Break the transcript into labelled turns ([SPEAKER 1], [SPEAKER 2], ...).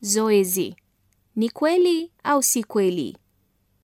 [SPEAKER 1] zoezi: ni kweli au si kweli?